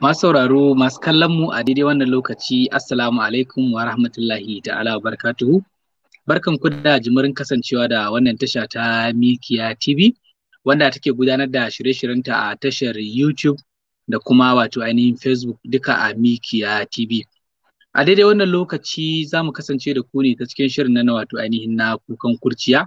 Masu sauraro masu kallon mu a daidai wannan lokaci Assalamu alaikum wa rahmatullahi ta'ala wa barkatuhu. Barkan ku da jimirin kasancewa da wannan tasha ta Mikiya TV wanda take gudanar da shirye-shiryenta a tashar YouTube da kuma wato ainihin Facebook duka a Mikiya TV. A daidai wannan lokaci za mu kasance da ku ne ta cikin shirin na wato ainihin na kukan kurciya.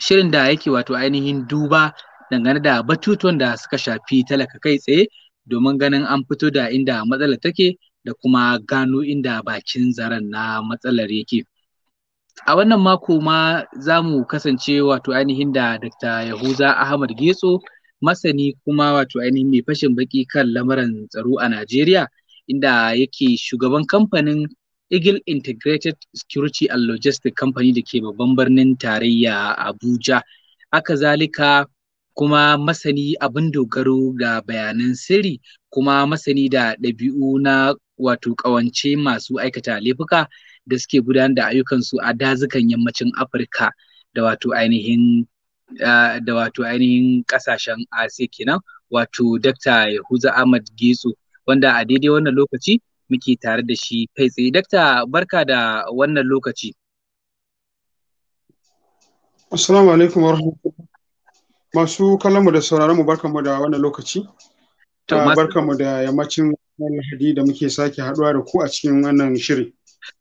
Shirin da yake wato ainihin duba dangane da batutuwan da suka shafi talaka kai tsaye domin ganin an fito da inda matsalar take da kuma gano inda bakin zaren na matsalar yake. A wannan mako ma za mu kasance wato ainihin da Dr. Yahuza Ahmad Getso masani kuma wato ainihin mai fashin baki kan lamuran tsaro a Najeriya inda yake shugaban kamfanin Eagle Integrated Security and Logistics Company da ke babban birnin tarayya Abuja. Haka zalika kuma masani abin dogaro ga bayanan sirri kuma masani da ɗabi'u na wato ƙawance masu aikata laifuka da suke gudanar da ayyukansu a dazukan yammacin afirka da wato ainihin da wato ainihin ƙasashen asiya kenan wato dr yahuza ahmad getso wanda a daidai wannan lokaci muke tare da shi kai tsaye dakta barka da wannan lokaci assalamu alaikum warahmatullahi Masu kallonmu da sauraronmu barkanmu da wannan lokaci. Ah, barkanmu da yammacin lahadi da muke sake haɗuwa da ku a cikin wannan shiri.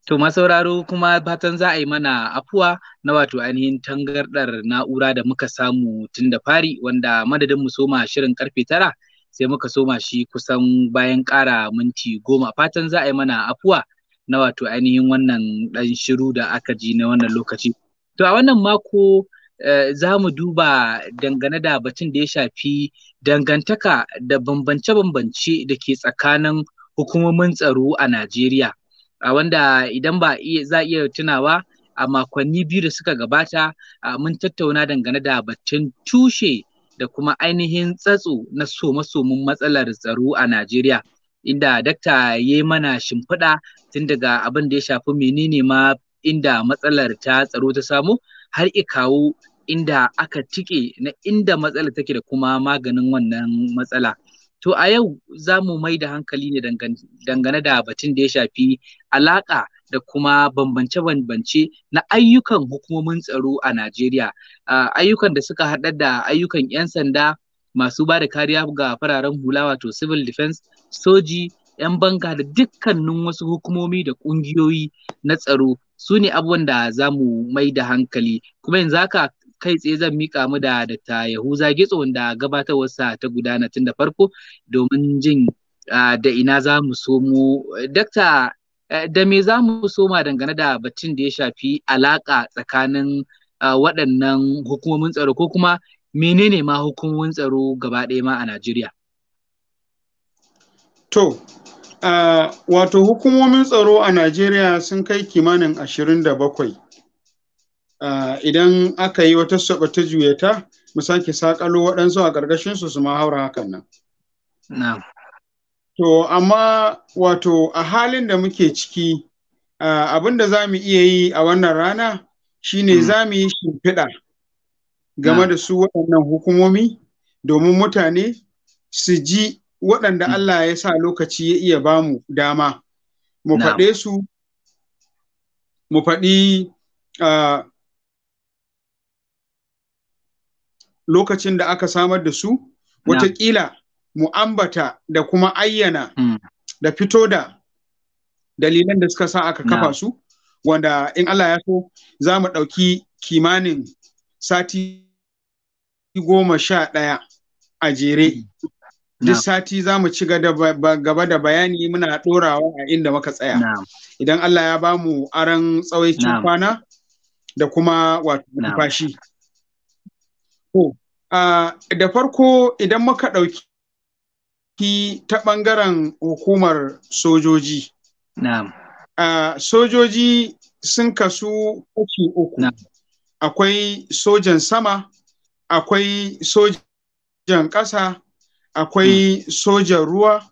To masauraro kuma fatan za a yi mana afuwa na wato ainihin tangardar na'ura da muka samu tun da fari wanda madadin mu soma shirin karfe tara sai muka soma shi kusan bayan ƙara minti goma fatan za a yi mana afuwa na wato ainihin wannan ɗan shiru da aka ji na wannan lokaci. To a wannan mako Eh, za mu duba dangane da batun da ya shafi dangantaka da bambance-bambance da ke tsakanin hukumomin tsaro a Najeriya. A wanda idan ba za iya tunawa a makonni biyu da suka gabata mun tattauna dangane da batun tushe da kuma ainihin tsatso na soma-somin matsalar tsaro a Najeriya. Inda dakta ya yi mana shimfiɗa tun daga abin da ya shafi menene ma inda matsalar ta tsaro ta samu har i kawo inda aka tike na inda matsala take da kuma maganin wannan matsala. To a yau za mu mai da hankali ne dangane da batun da ya shafi alaƙa da kuma bambance-bambance na ayyukan hukumomin tsaro a Najeriya. Ayyukan da suka haɗar da ayyukan 'yan sanda masu ba da kariya ga fararen hula wato civil defense, soji, 'yan banga da dukkanin wasu hukumomi da ƙungiyoyi na tsaro su ne abubuwan da za mu mai da hankali kuma yanzu haka kai tsaye zan mika mu da dakta Yahuza Gitso da gabatarwarsa ta gudana tun da farko domin jin da ina za mu somo. Dakta da me za mu soma dangane da batun da ya shafi alaƙa tsakanin waɗannan hukumomin tsaro ko kuma menene ma hukumomin tsaro gaba ɗaya ma a Najeriya? To, Uh, wato hukumomin tsaro a Najeriya sun kai kimanin ashirin 27. Uh, idan aka yi wata saba ta juyata, mu sake sakalo waɗansu a ƙarƙashinsu su ma haura hakan nan. No. To, amma wato a halin da muke ciki, uh, abin da za mu iya yi a wannan rana shine mm. za mu yi shimfiɗa game no. da su waɗannan hukumomi domin mutane su ji waɗanda hmm. Allah ya sa lokaci ya iya ba mu dama mu faɗe su mu faɗi lokacin da aka samar da su watakila mu ambata da kuma ayyana hmm. da fito da dalilan da suka sa aka kafa su wanda in Allah ya so za mu ɗauki kimanin sati goma sha ɗaya a jere hmm. Duk sati za mu ci gaba da bayani muna ɗorawa a inda muka tsaya. Idan Allah ya ba mu aran tsawaicin kwana da kuma wato fashi. Da farko idan muka ɗauki ta ɓangaren hukumar sojoji. Sojoji sun kasu kashi uku. Akwai sojan sama, akwai sojan ƙasa, akwai hmm. sojan ruwa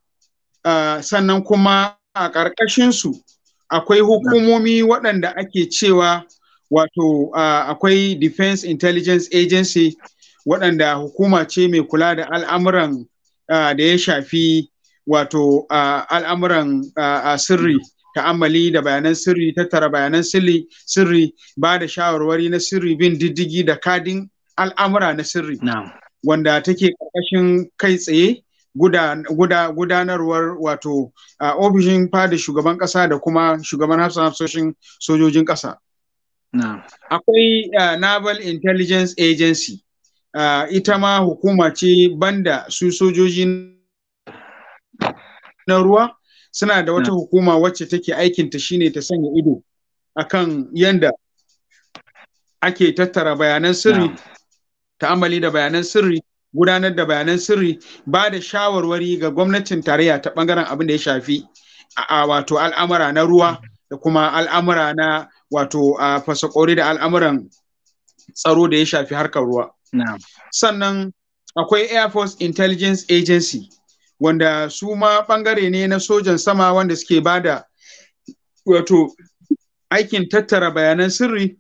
uh, sannan kuma a ƙarƙashinsu akwai hmm. hukumomi waɗanda ake cewa wato uh, akwai defense intelligence agency waɗanda hukuma ce mai kula da al'amuran uh, da ya shafi wato uh, al'amuran sirri hmm. ta'ammali da bayanan sirri tattara bayanan sirri sirri ba da shawarwari na sirri bin diddigi da kadin al'amura na sirri no. wanda take ƙarƙashin kai tsaye gudanarwar wato a ofishin fada shugaban ƙasa da kuma shugaban hafsoshin sojojin ƙasa. Akwai Naval Intelligence Agency, ita ma hukuma ce banda su sojoji na ruwa suna da wata hukuma wacce take aikinta shine ta sanya ido akan yanda ake tattara bayanan sirri ta'amali da bayanan sirri gudanar da bayanan sirri ba da shawarwari ga gwamnatin tarayya ta bangaren abin da ya shafi a wato al'amura na ruwa da kuma al'amura na wato a fasakori da al'amuran tsaro da ya shafi harkar ruwa sannan akwai air force intelligence agency wanda su ma bangare ne na sojan sama wanda suke ba da wato aikin tattara bayanan sirri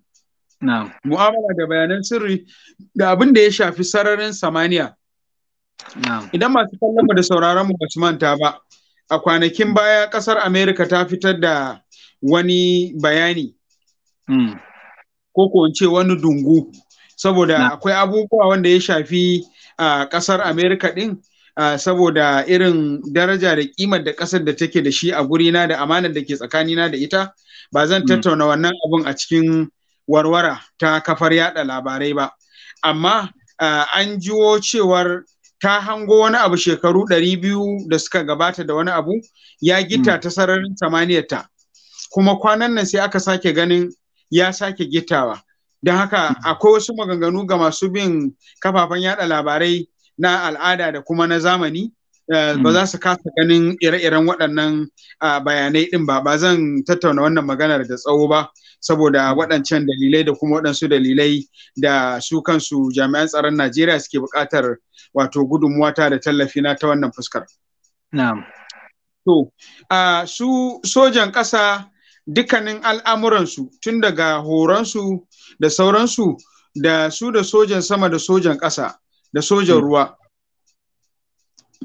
Mu'amala da bayanan sirri da abin da ya shafi sararin samaniya. Idan masu kallon mu da sauraron mu ba su manta ba, a kwanakin baya ƙasar Amerika ta fitar da wani bayani. Hmm. Ko ko ce wani dungu. Saboda akwai abubuwa wanda ya shafi a kasar Amerika din. Uh, saboda irin daraja da kimar da ƙasar da take da shi a gurina da amanar da ke tsakanina da ita ba zan hmm. tattauna wannan abun a cikin warwara ta kafar yada labarai ba amma uh, an jiwo cewar ta hango wani abu shekaru ɗari biyu da suka gabata da wani abu ya gita hmm. ta sararin samaniyarta kuma kwanan nan sai aka sake ganin ya sake gitawa don haka hmm. akwai wasu maganganu ga masu bin kafafen yada labarai na al'ada da kuma na zamani ba hmm. za su kasa ganin ire-iren waɗannan bayanai ɗin ba ba zan tattauna wannan maganar da tsawo ba saboda waɗancan dalilai da kuma waɗansu dalilai da su kansu jami'an tsaron Najeriya suke buƙatar wato gudunmuwa ta da tallafi na ta wannan fuskar. Na'am. To, A su sojan ƙasa dukkanin al'amuransu tun daga horonsu da sauransu da su da sojan sama da sojan ƙasa da sojan ruwa.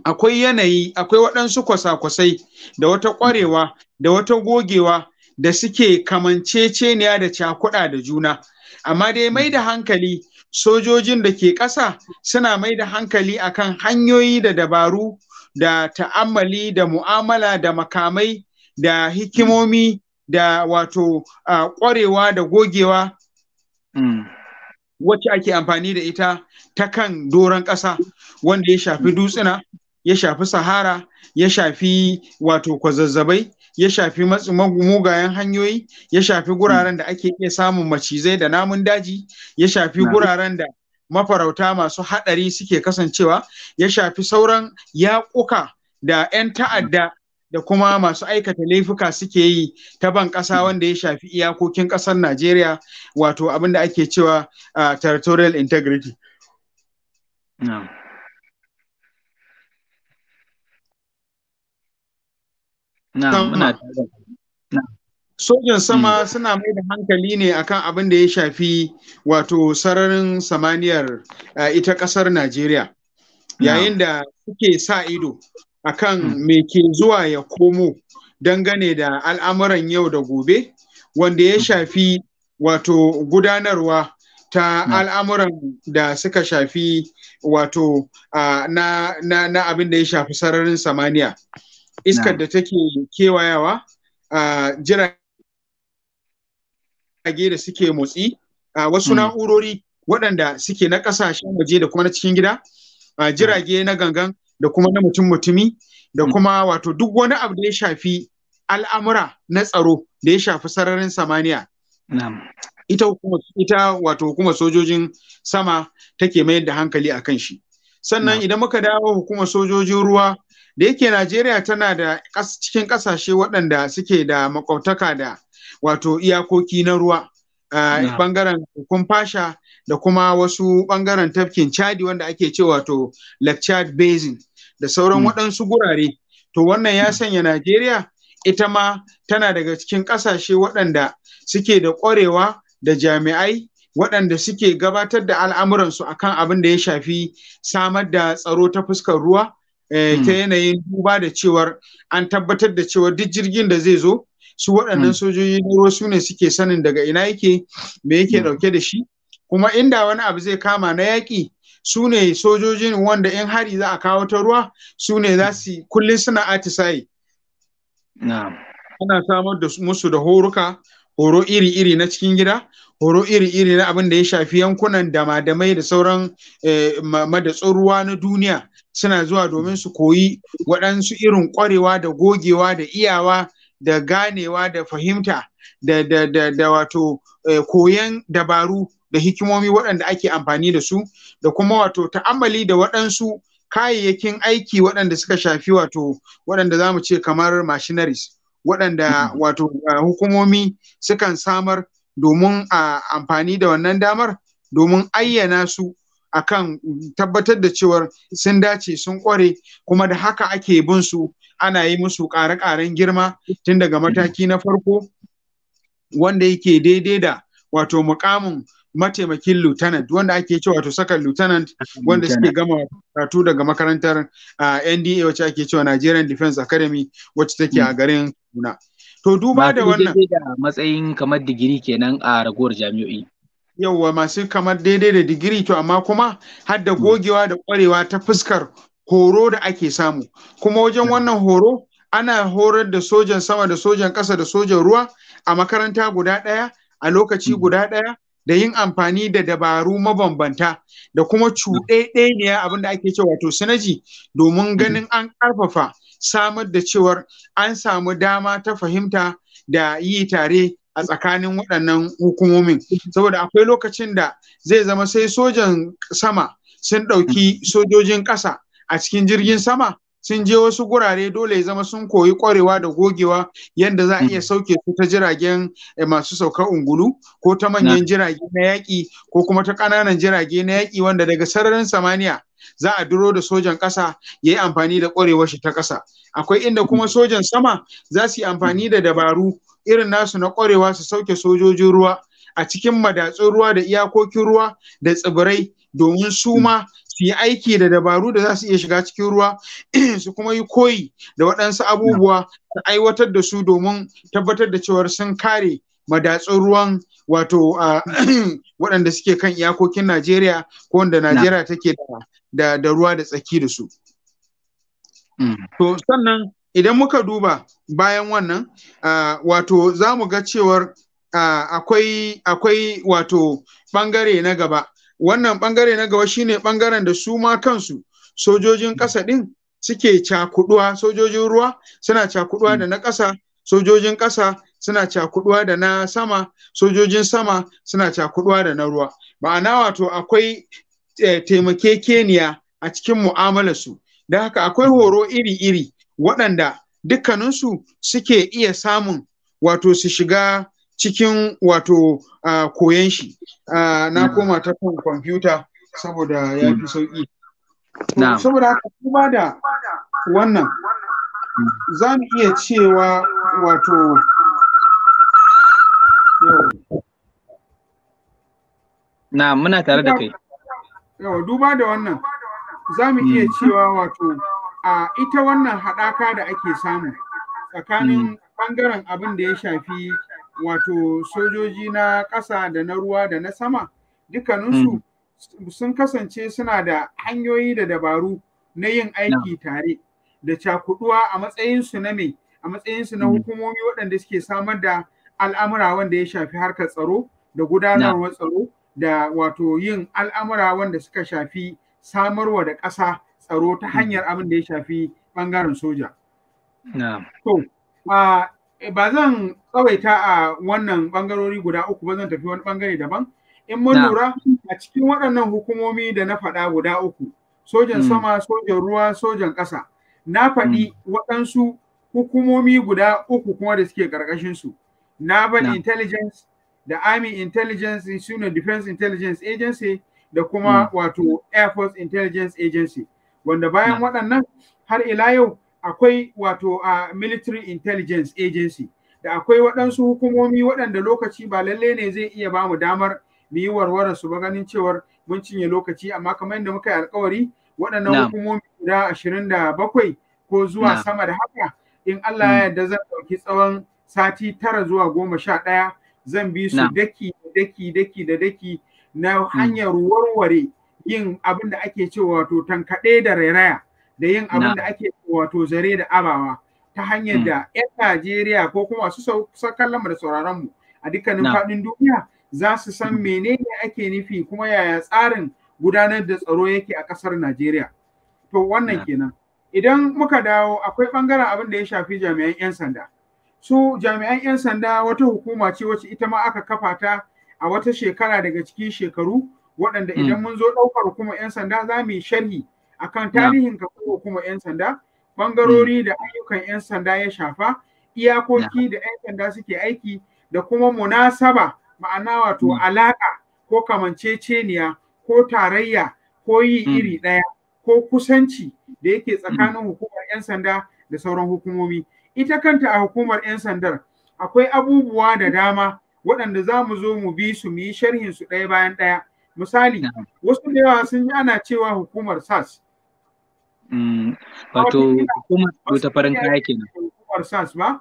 Akwai yanayi, akwai waɗansu kwasa-kwasai da wata ƙwarewa da wata gogewa da suke kamanceceniya da cakuɗa da juna amma dai mai da hankali sojojin da ke ƙasa suna mai da hankali akan hanyoyi da dabaru da ta'ammali da mu'amala da makamai da hikimomi da wato ƙwarewa da gogewa mm. wacce ake amfani da ita ta kan doron ƙasa wanda ya shafi dutsuna ya shafi sahara ya shafi wato kwazazzabai ya shafi mugayen hanyoyi ya shafi guraren da ake iya samun macizai da namun daji ya shafi guraren da mafarauta masu haɗari suke kasancewa ya shafi sauran yaƙuka da 'yan ta'adda da kuma masu aikata laifuka suke yi ta ban ƙasa wanda ya shafi iyakokin ƙasar Najeriya wato abin da ake cewa uh, territorial integrity. No. sojan sama hmm. suna mai da hankali ne akan abin da ya shafi wato sararin samaniyar eh, ita ƙasar Najeriya yayin da suke sa ido akan hmm. me ke zuwa ya komo dangane da al'amuran yau da gobe wanda ya hmm. shafi wato gudanarwa ta al'amuran da suka shafi wato ah, na abin da ya shafi sararin samaniya. iskar da take kewayawa a jirage da suke motsi a wasu hmm. na'urori waɗanda suke na ƙasashen waje da kuma na cikin gida a jirage na gangan da kuma na mutum mutumi da hmm. kuma wato duk wani abu da ya shafi al'amura na tsaro da ya shafi sararin samaniya ita ita wato hukumar sojojin sama take mayar da hankali a kan shi sannan idan muka dawo hukumar sojojin ruwa da yake Najeriya tana da cikin ƙasashe waɗanda suke da makwabtaka da wato iyakoki na ruwa uh, eh, bangaren fasha da kuma wasu bangaren tafkin chadi wanda ake ce wato lake chad basin da sauran hmm. waɗansu gurare to wannan ya hmm. sanya Najeriya ita ma tana daga cikin ƙasashe waɗanda suke da ƙwarewa da jami'ai waɗanda suke gabatar da al'amuransu akan abin da ya shafi samar da tsaro ta fuskar ruwa Eh, hmm. ta yanayin duba da cewar an tabbatar da cewar duk jirgin da zai zo su waɗannan hmm. sojoji na ruwa su ne suke sanin daga ina yake me yake hmm. ɗauke da shi kuma inda wani abu zai kama na yaƙi su ne sojojin wanda in hari za a kawo ta ruwa su ne za su kullum suna atisaye ana samar da musu da horuka horo iri-iri na cikin gida horo iri-iri na abin da ya shafi yankunan damadamai da sauran eh, madatsun ruwa na duniya suna zuwa domin su koyi waɗansu irin ƙwarewa da gogewa da iyawa da ganewa da fahimta da, da, da, wato eh, koyon dabaru da hikimomi waɗanda ake amfani da su da kuma wato ta'ammali da waɗansu kayayyakin aiki waɗanda suka shafi wato waɗanda za mu ce kamar machineries waɗanda mm-hmm. wato uh, hukumomi sukan samar domin a amfani da wannan damar domin ayyana su akan tabbatar da cewar sun dace sun kware kuma da haka ake bin su ana yi musu ƙare-ƙaren girma tun daga mataki na farko wanda yake daidai da wato mukamin mataimakin lieutenant wanda ake cewa to saka lieutenant wanda suke gama karatu daga makarantar NDA wacce ake cewa Nigerian Defense Academy wacce take a hmm. garin Kaduna. To duba da wannan matsayin kamar digiri kenan a ragowar jami'o'i. Yawwa masu kamar daidai da digiri to amma kuma har da hmm. gogewa da kwarewa ta fuskar horo da ake samu. Kuma wajen hmm. wannan horo ana horar da sojan sama da sojan ƙasa da sojan ruwa a makaranta guda ɗaya a lokaci guda ɗaya da yin amfani da dabaru mabambanta da kuma cuɗeɗeniya abinda abinda ake cewa wato sinaji domin mm-hmm. ganin an ƙarfafa samar da cewar an samu dama ta fahimta da yi tare a tsakanin waɗannan hukumomin mm-hmm. saboda akwai lokacin da zai zama sai sojan sama sun ɗauki mm-hmm. sojojin ƙasa a cikin jirgin sama sun je wasu gurare dole ya zama sun koyi kwarewa da gogewa yadda za a iya mm. sauke su ta jiragen eh, masu saukar ungulu ko ta manyan mm. jirage na yaƙi ko kuma ta ƙananan jirage na yaƙi wanda daga sararin samaniya za a duro da sojan ƙasa ya yi amfani da ƙwarewar shi ta ƙasa akwai inda kuma mm. sojan sama za su yi amfani da dabaru irin nasu na ƙwarewa su sauke sojojin ruwa a cikin madatsun ruwa da iyakokin ruwa da tsibirai domin suma. su yi aiki da dabaru da za su iya shiga cikin ruwa su kuma yi koyi da waɗansu abubuwa su aiwatar da su domin tabbatar da cewar sun kare madatsun ruwan wato waɗanda suke kan iyakokin Najeriya ko wanda Najeriya take da ruwa da tsaki da su. Mm. To sannan idan muka duba bayan wannan wato za mu ga cewar akwai wato ɓangare na gaba wannan bangare na gaba shine bangaren da su ma kansu sojojin ƙasa ɗin suke cakuduwa sojojin ruwa suna cakuduwa da na ƙasa sojojin ƙasa suna cakuduwa da na sama sojojin sama suna cakuduwa da na ruwa ma'ana wato akwai eh, taimakekeniya a cikin mu'amalarsu da haka akwai horo iri-iri waɗanda dukkaninsu suke iya samun wato su shiga cikin wato koyon shi na mm. koma ta kan kwamfuta saboda ya fi mm. sauƙi saboda haka kuma da wannan za mu iya cewa wato na muna tare da kai Yau, duba da wannan za mu iya mm. cewa wato a ita wannan haɗaka da ake samu tsakanin ɓangaren abin da ya shafi wato sojoji na ƙasa da na ruwa da na sama dukkaninsu hmm. sun kasance suna da hanyoyi da dabaru na yin aiki tare da cakuduwa a matsayinsu na mai a matsayinsu na hmm. hukumomi waɗanda suke samar da al'amura wanda ya shafi harkar tsaro da gudanarwa tsaro da wato yin al'amura wanda suka shafi samarwa da ƙasa tsaro ta hmm. hanyar abin da ya shafi ɓangaren soja. Eh, ba zan tsawaita a wannan bangarori guda uku ba zan tafi wani bangare daban in mun lura a cikin waɗannan hukumomi da na faɗa guda uku sojan hmm. sama sojan ruwa sojan ƙasa na faɗi hmm. waɗansu hukumomi guda uku kuma da suke ƙarƙashin su na bari intelligence da army intelligence suna defense intelligence agency da kuma hmm. wato air force intelligence agency wanda bayan waɗannan har ila yau akwai wato a military intelligence agency da akwai waɗansu hukumomi waɗanda lokaci ba lalle ne zai iya ba mu damar mu yi warware su ba ganin cewar mun cinye lokaci amma kamar yadda muka yi alkawari waɗannan hukumomi guda ashirin da bakwai ko zuwa sama da haka in Allah ya hmm. yarda zan ɗauki tsawon sati tara zuwa goma sha ɗaya zan bi su daki daki daki da daki na hmm. hanyar warware yin abin da ake cewa wato tankaɗe da rairaya da yin abin da ake wato zare da abawa ta hanyar mm. da 'yan Najeriya ko kuma su kallon mu da sauraron mu a dukkanin faɗin duniya za su san mm. menene ake nufi kuma yaya tsarin gudanar da tsaro yake a ƙasar Najeriya. To wannan kenan. Idan muka dawo akwai ɓangaren abin da ya shafi jami'an 'yan sanda. Su jami'an 'yan sanda wata hukuma ce wacce ita ma aka kafa ta a wata shekara daga cikin shekaru waɗanda mm. idan mun zo ɗaukar hukumar 'yan sanda za mu yi sharhi akan tarihin ka ko kuma 'yan sanda bangarori mm. da ayyukan 'yan sanda ya shafa iyakoki da 'yan sanda suke aiki da kuma munasaba ma'ana wato mm. alaƙa ko kamanceceniya ko tarayya ko yi mm. iri ɗaya ko kusanci da yake tsakanin hukumar 'yan sanda da sauran hukumomi ita kanta a hukumar 'yan sandar akwai abubuwa da dama waɗanda za mu zo mu bi su mu yi sharhin su ɗaya bayan ɗaya misali wasu da yawa sun yi ana cewa hukumar sas Mm, wato hukumar ta farin kaya na hukumar sas ba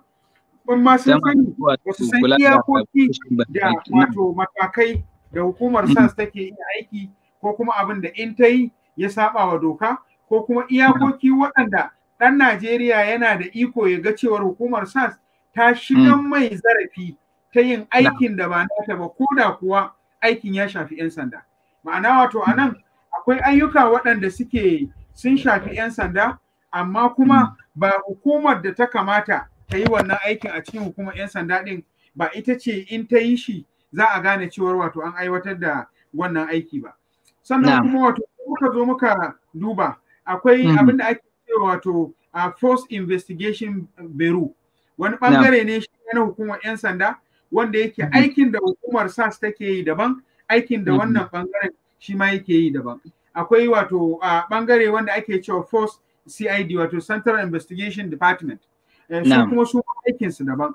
sani san iyakoki da wato matakai da hukumar mm. sas take iya aiki ko kuma abin da in ta yi ya saba wa doka ko kuma iyakoki mm. waɗanda ɗan Najeriya yana da iko ya ga cewar hukumar sas ta shiga mai zarafi ta yin aikin da ba nata ba ko da kuwa aikin ya shafi 'yan sanda ma'ana wato a nan akwai ayyuka waɗanda suke sun shafi 'yan sanda amma kuma hmm. ba hukumar da ta kamata ta yi wannan aikin a cikin hukumar 'yan sanda ɗin ba ita ce in ta yi shi za a gane cewar wato an aiwatar da wannan aiki ba sannan kuma wato muka zo muka duba akwai hmm. abin da ake cewa wato a force investigation bureau wani bangare ne shi na hukumar 'yan sanda wanda yake hmm. aikin da hukumar sas take yi daban aikin da wannan bangaren shi ma yake yi daban akwai wato a bangare wanda ake cewa force cid wato central investigation department eh, su kuma su aikinsu daban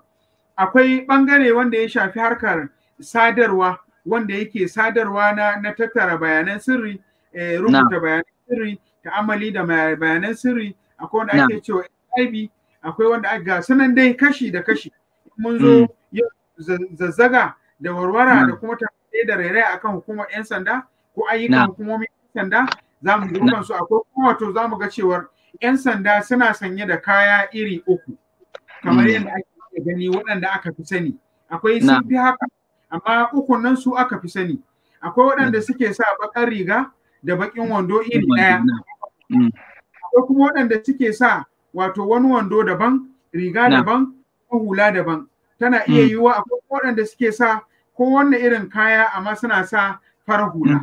akwai bangare wanda ya shafi harkar sadarwa wanda yake sadarwa na, na tattara bayanan sirri eh, rubuta bayanan sirri amali da bayanan sirri akwai wanda ake cewa IB akwai wanda ga sanan dai kashi da kashi mun zo mm. zazzaga da warwara da kuma ta da rairaya akan hukumar 'yan sanda ko ayyukan hukumomi sanda za mu duban su akwai kuma wato za mu ga cewar 'yan sanda suna sanye da kaya iri uku kamar hmm. yadda ake gani waɗanda aka fi sani akwai sun fi haka amma ukun nan su aka fi sani akwai waɗanda suke sa baƙar riga da baƙin wando iri ɗaya hmm. akwai kuma waɗanda suke sa wato wani wando daban riga daban ko hula daban tana iya hmm. yiwuwa akwai waɗanda suke sa ko wanne irin kaya amma suna sa farar hula.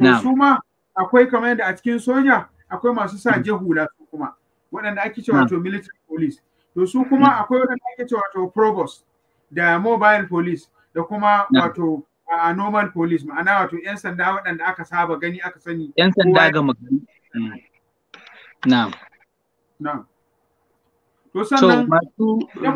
to su ma akwai kamar yadda a cikin soja akwai masu sa jehula su kuma waɗanda ake cewa to military police to su kuma akwai waɗanda ake cewa to provost da mobile police da kuma wato a normal police ma'ana wato 'yan sanda waɗanda aka saba gani aka sani 'yan sanda ga magani hmm. na'am na'am To eh,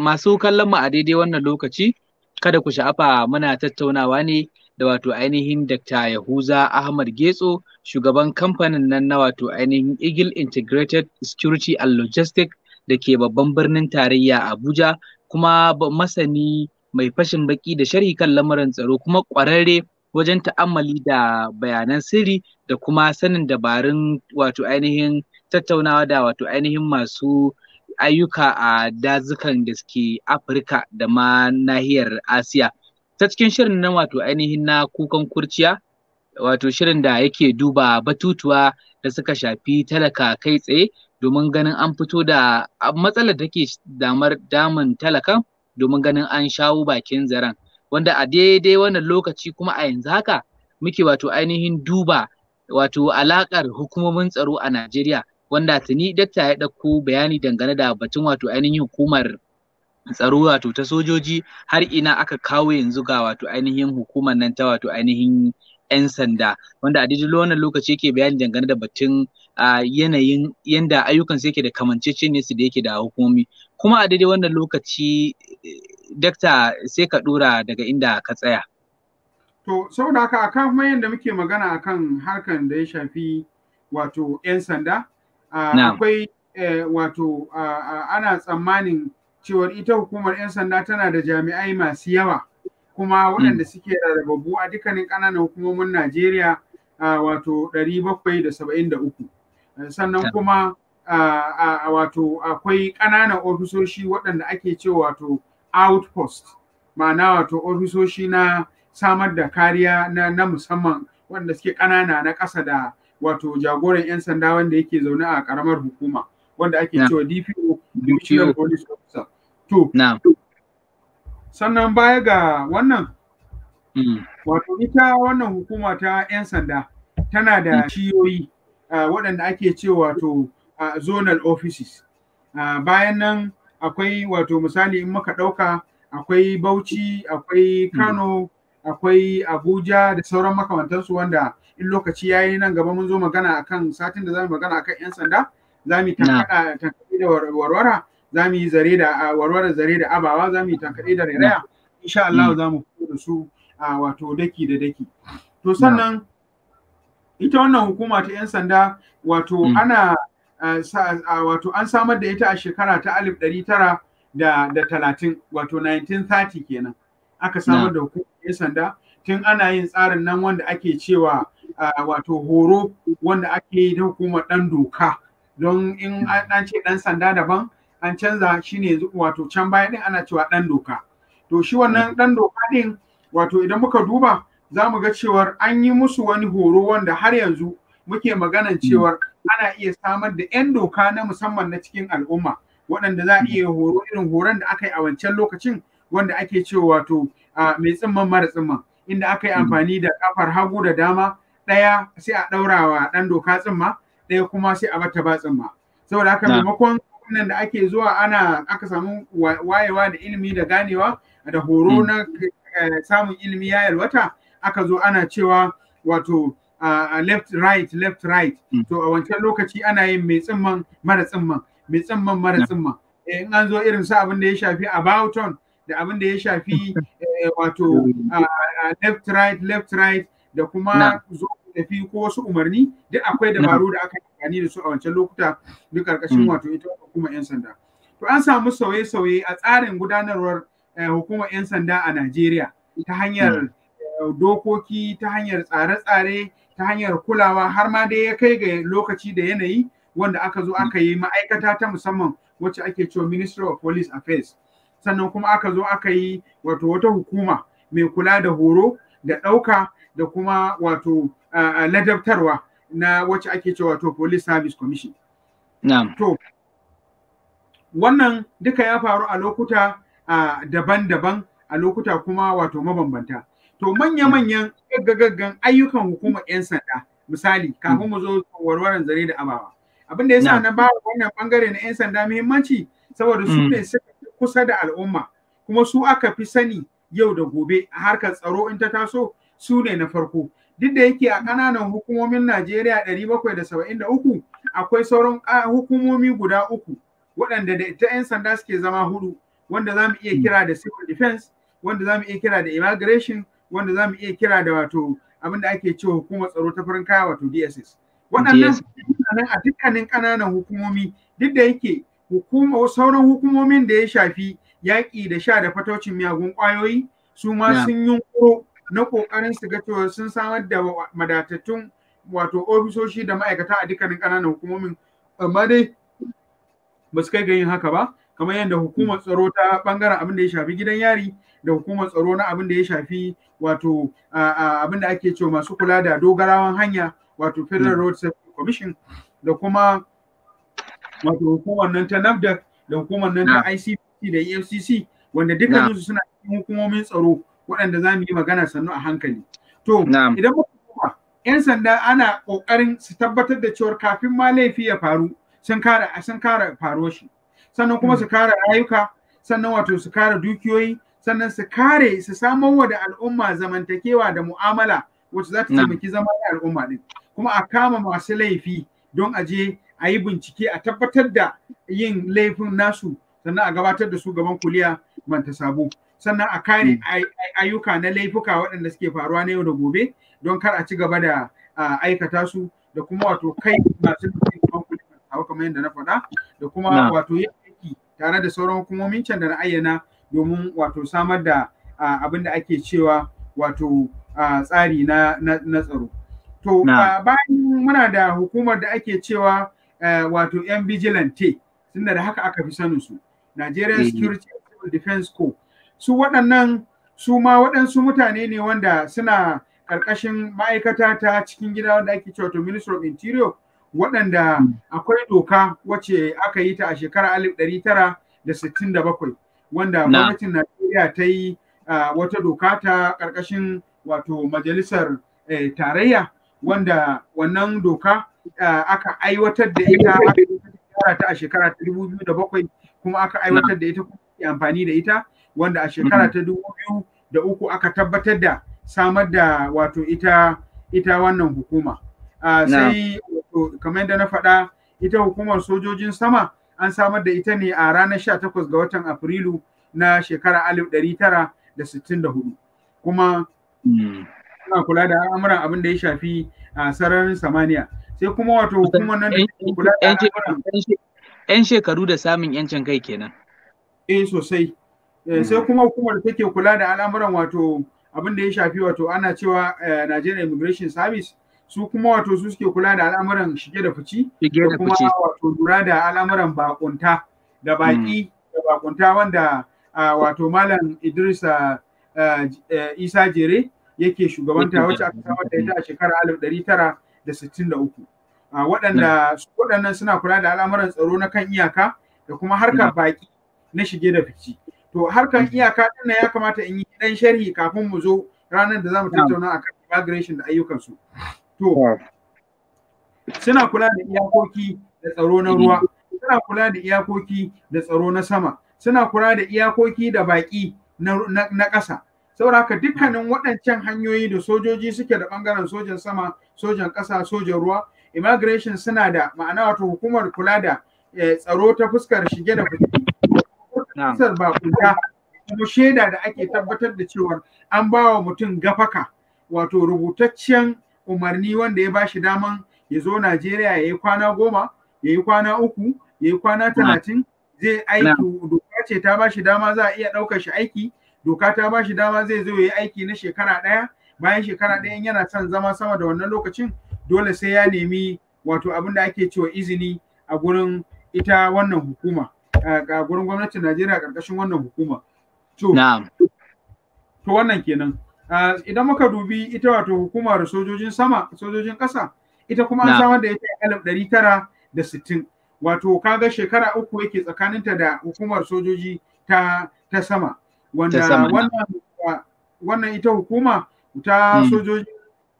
masu kallon mu a daidai wannan lokaci kada ku sha'afa muna tattaunawa ne da wato ainihin Dr. Yahuza Ahmad Getso shugaban kamfanin nan na wato ainihin Eagle Integrated Security and Logistics da ke babban birnin tarayya Abuja kuma masani mai fashin baki da sharhi kan lamarin tsaro kuma ƙwararre wajen ta'ammali da bayanan sirri da kuma sanin dabarun wato ainihin tattaunawa da wato ainihin masu ayyuka a dazukan da suke afirka da ma nahiyar asiya ta cikin shirin na wato ainihin na kukan kurciya wato shirin da yake duba batutuwa da suka shafi talaka kai tsaye domin ganin an fito da matsalar da ke damar damun talakan domin ganin an shawo bakin zaren wanda a daidai wannan lokaci kuma a yanzu haka muke wato ainihin duba wato alakar hukumomin tsaro a Najeriya wanda tuni dakta ya ɗauko bayani dangane da batun wato ainihin hukumar tsaro wato ta sojoji har ina aka kawo yanzu ga wato ainihin hukumar nan ta wato ainihin 'yan sanda wanda a daidai wannan lokaci yake bayani dangane da batun yanayin yanda ayyukan su yake da kamanceceniya su da yake da hukumomi kuma a daidai wannan lokaci dakta sai ka dora daga inda ka tsaya to saboda haka akan kuma yadda muke magana akan harkan da ya shafi wato 'yan sanda akwai eh, wato ana tsammanin cewar ita hukumar 'yan sanda tana da jami'ai masu yawa kuma waɗanda hmm. suke rababbu a dukkanin ƙananan hukumomin Najeriya wato 773 sannan kuma wato akwai ƙananan ofisoshi waɗanda ake ce wato outpost ma'ana wato ofisoshi na samar da kariya na musamman waɗanda suke ƙanana na ƙasa da wato jagoran 'yan sanda wanda yake zaune a ƙaramar hukuma. wanda ake cewa DPO Divisional Police Officer to sannan baya ga wannan hmm. wato ita wannan hukuma ta 'yan sanda tana da hmm. shiyoyi waɗanda ake cewa wato zonal offices bayan nan akwai wato misali in muka ɗauka akwai bauchi akwai hmm. kano akwai abuja da sauran makamantansu wanda in lokaci ya yi nan gaba mun zo magana akan satin da za mu magana akan 'yan sanda za mu yi da warwara za mu yi zare da warwara zare da abawa za mu yi da rairaya insha Allah mm. za mu fito da su a wato daki da daki to sannan ita wannan hukuma ta 'yan sanda wato mm. ana wato an samar da ita a shekara ta alif ɗari tara da da talatin wato 1930 kenan aka samar da hukumar 'yan sanda tun ana yin tsarin nan wanda ake cewa wato horo wanda ake yi da hukumar ɗan doka don in hmm. an ce ɗan sanda daban an canza shine wato can baya din ana cewa ɗan doka to shi wannan hmm. ɗan doka din, wato idan muka duba za mu ga cewar an yi musu wani horo wanda har yanzu muke maganan hmm. cewar ana iya samar da 'yan doka na musamman na cikin al'umma waɗanda za a iya horo irin horon da aka yi a wancan lokacin wanda ake cewa wato mai tsimman mara tsimman inda aka yi amfani da kafar hagu da dama ɗaya sai a ɗaurawa ɗan doka tsimma ɗaya kuma sai a bata ba tsamma saboda haka maimakon wannan da ake zuwa ana aka samu wayewa da ilimi da ganewa da horo mm. na eh, samun ilimi ya yalwata aka zo ana cewa wato left right left right mm. to a wancan lokaci ana yin mai tsimman mara tsimman mai tsimman mara tsimman eh, in an zo irin sa abin da ya shafi about da abin da ya shafi eh, wato left right left right da kuma zo tafi ko wasu umarni duk akwai dabaru da aka amfani da su a wancan lokuta duk karkashin mm. wato ita hukuma 'yan sanda. To an samu sauye-sauye a tsarin gudanarwar eh, hukumar 'yan sanda a Najeriya ta hanyar mm. eh, dokoki, ta hanyar tsare-tsare, ta hanyar kulawa har ma dai ya kai ga lokaci da yanayi wanda aka zo mm. aka yi ma'aikata ta musamman wacce ake cewa Ministry of Police Affairs. Sannan kuma aka zo aka yi wato wata hukuma mai kula da horo da ɗauka da kuma wato ladabtarwa na wacce ake cewa to police service commission na'am to wannan duka ya faru a lokuta daban-daban a lokuta kuma wato mabambanta to manya-manyan gaggagan ayyukan hukumar 'yan sanda misali kafin mu zo warwaran zare da abawa abin da sa na ba wannan bangare na 'yan sanda muhimmanci saboda su mm. ne suka kusa da al'umma kuma su aka fi sani yau da gobe a harkar tsaro in ta taso su ne na farko duk da yake a kananan hukumomin Najeriya 773 akwai sauran hukumomi guda uku waɗanda da ta 'yan sanda suke zama hudu wanda za mu iya hmm. kira da civil defense wanda za mu iya kira da immigration wanda za mu iya kira da wato abin da ake cewa hukumar tsaro ta farin kaya wato DSS. Waɗannan a dukkanin kananan hukumomi duk da yake sauran hukumomin da ya shafi yaƙi da sha da fatocin miyagun ƙwayoyi su ma sun yunkuro na kokarin su ga cewa sun samar da madatattun wato ofisoshi da ma'aikata a dukkanin kananan hukumomin amma dai ba su kai ga yin haka ba kamar yadda hukumar tsaro ta bangaren abin da ya shafi gidan yari da hukumar tsaro na abin da ya shafi wato abin da ake cewa masu kula da dogarawan hanya wato federal road safety commission da kuma wato hukumar nan ta nafdac da hukumar nan ta icpc da efcc wanda dukkaninsu suna cikin hukumomin tsaro waɗanda za mu yi magana sannu a hankali to idan muka koma yan sanda ana ƙoƙarin su tabbatar da cewar kafin ma laifi ya faru sun kare sun shi sannan kuma su kare rayuka sannan wato su kare dukiyoyi sannan su kare su samar wa da al'umma zamantakewa da mu'amala wacce za ta taimaki zama da al'umma din kuma a kama masu laifi don a je a yi bincike a tabbatar da yin laifin nasu sannan a gabatar da su gaban kuliya manta sabo sannan a kare hmm. ayyuka na laifuka waɗanda suke faruwa na yau da gobe don kar a ci gaba da aikata su da kuma wato kai masu hawa kamar yadda na faɗa da kuma wato yin aiki tare da sauran hukumomin can da na ayyana domin wato samar da abin da ake cewa wato tsari na tsaro. To bayan muna da hukumar da ake cewa wato 'yan vigilante tunda da haka aka fi sanin su. Nigeria eh. Security Defense Corps. su waɗannan su ma waɗansu mutane ne wanda suna ƙarƙashin ma'aikata ta cikin gida wanda ake cewa to minister of interior waɗanda akwai doka wacce aka yi ta a shekarar alif ɗari tara da sittin da bakwai wanda gwamnatin najeriya ta yi wata doka ta ƙarƙashin wato majalisar e, tarayya wanda wannan doka aka aiwatar da ita a shekara ta dubu biyu da bakwai kuma aka aiwatar da ita kuma amfani da ita wanda a mm-hmm. shekara ta dubu biyu da uku aka tabbatar da samar da wato ita ita wannan hukuma a sai kamar yadda na faɗa ita hukumar sojojin sama an samar da ita ne a ranar sha takwas ga watan afrilu na shekara alif ɗari tara da da sittin hudu. kuma mm. ana kula da al'amuran abin da ya shafi a sararin samaniya sai kuma wato hukumar nan da kula da yan shekaru da samun yancin kai kenan eh sosai Eh, sai mm. kuma hukumar take kula da al'amuran wato abin da ya shafi wato ana cewa eh, Nigeria Immigration Service su kuma wato su suke kula da al'amuran shige da fici da kuma wato lura da al'amuran bakunta da baki mm. da bakunta wanda wato Malam Idris Isa Jere yake shugabanta wacce aka samar da ita a shekarar 1963 waɗanda mm. waɗannan suna kula da al'amuran tsaro na kan iyaka da kuma harkar baki na shige da fici to harkan mm. iyaka din nan ya kamata in yi dan sharhi kafin mu zo ranar da zamu tattauna akan immigration da ayyukan su to suna kula da iyakoki da tsaro na ruwa suna kula da iyakoki da tsaro na sama suna kula da iyakoki da baki na ƙasa sauraka dukkanin waɗancan hanyoyi da sojoji suke da bangaren sojan sama sojan ƙasa sojan ruwa immigration suna da ma'ana wato hukumar kula da eh, tsaro ta fuskar shige da fice kisar bakunta kuma shaida da ake tabbatar da cewar an ba wa mutum gafaka wato rubutaccen umarni wanda ya ba shi daman ya zo Najeriya ya yi kwana goma ya yi kwana uku ya yi kwana talatin zai aiki doka ce ta ba shi dama za a iya ɗaukar shi aiki doka ta ba shi dama zai zo ya yi aiki na shekara ɗaya bayan shekara ɗaya yana son zama sama da wannan lokacin dole sai ya nemi wato abin da ake cewa izini a gurin ita wannan hukuma Ga gurin gwamnatin Najeriya karkashin wannan hukuma. To, to wannan kenan. Idan muka dubi ita wato hukumar sojojin sama, sojojin ƙasa, ita kuma an samar da ita alif ɗari tara da sittin. Wato, kaga shekara uku yake tsakaninta da hukumar sojoji ta, ta sama. Wanda wannan, wannan ita hukuma ta hmm.